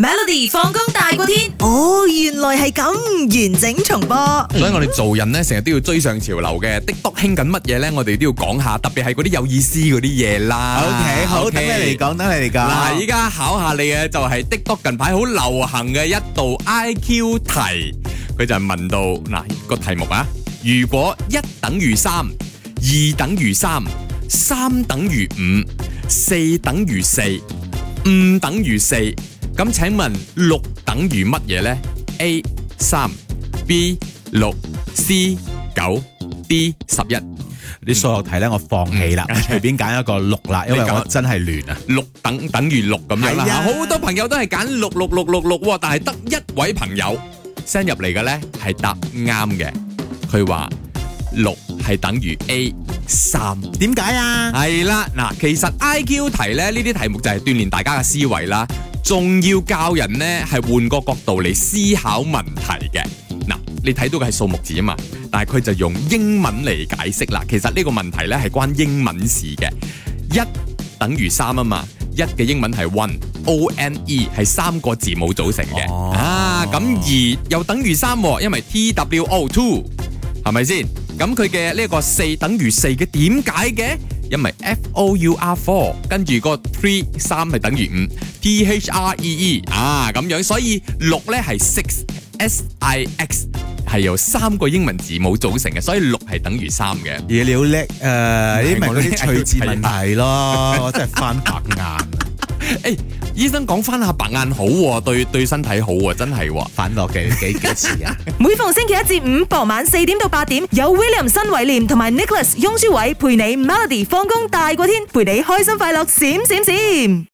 Melody 放工大過天，哦，原來係咁完整重播。所以我哋做人咧，成日都要追上潮流嘅。TikTok 興緊乜嘢咧？我哋都要講下，特別係嗰啲有意思嗰啲嘢啦。O、okay, K，好 okay, 等，等你嚟講，等你嚟講。嗱，依家考下你嘅就係 TikTok 近排好流行嘅一道 I Q 題，佢就係問到嗱個題目啊，如果一等於三，二等於三，三等於五，四等於四，五等於四。咁，請問六等於乜嘢咧？A 三，B 六，C 九，D 十一。你數學題咧，我放棄啦，隨 便揀一個六啦，因為我真係亂啊。六等等於六咁樣啦。係啦，好多朋友都係揀六六六六六，但係得一位朋友 send 入嚟嘅咧係答啱嘅，佢話六係等於 A 三。點解啊？係啦，嗱，其實 I Q 題咧呢啲題目就係鍛煉大家嘅思維啦。仲要教人呢係換，個角度嚟，思考問題嘅。嗱,你睇到嘅係數目字啊嘛，但係佢就用英文嚟解釋啦。其實呢個問題呢係關英文事嘅。一等於三啊嘛，一嘅英文係 one，O N E 係三個字母組成嘅。啊，咁二、啊、又等於三、啊，因為 two two，係咪先？咁佢嘅呢個四等於四嘅點解嘅？因為 four four 跟住個 three 三係等於五，three 啊咁樣，所以六咧係 six，six 係由三個英文字母組成嘅，所以六係等於三嘅。而你好叻誒，啲問啲趣字問題咯，我我真係翻白眼。 欸醫生講翻下白眼好，哦，對對身體好啊，哦，真係喎，哦！返落幾、幾、幾次啊？ 每逢星期一至五傍晚四點到八點，有 William、新偉廉同埋 Nicholas、翁舒偉陪你 Melody 放工大過天，陪你開心快樂閃閃閃。閃閃閃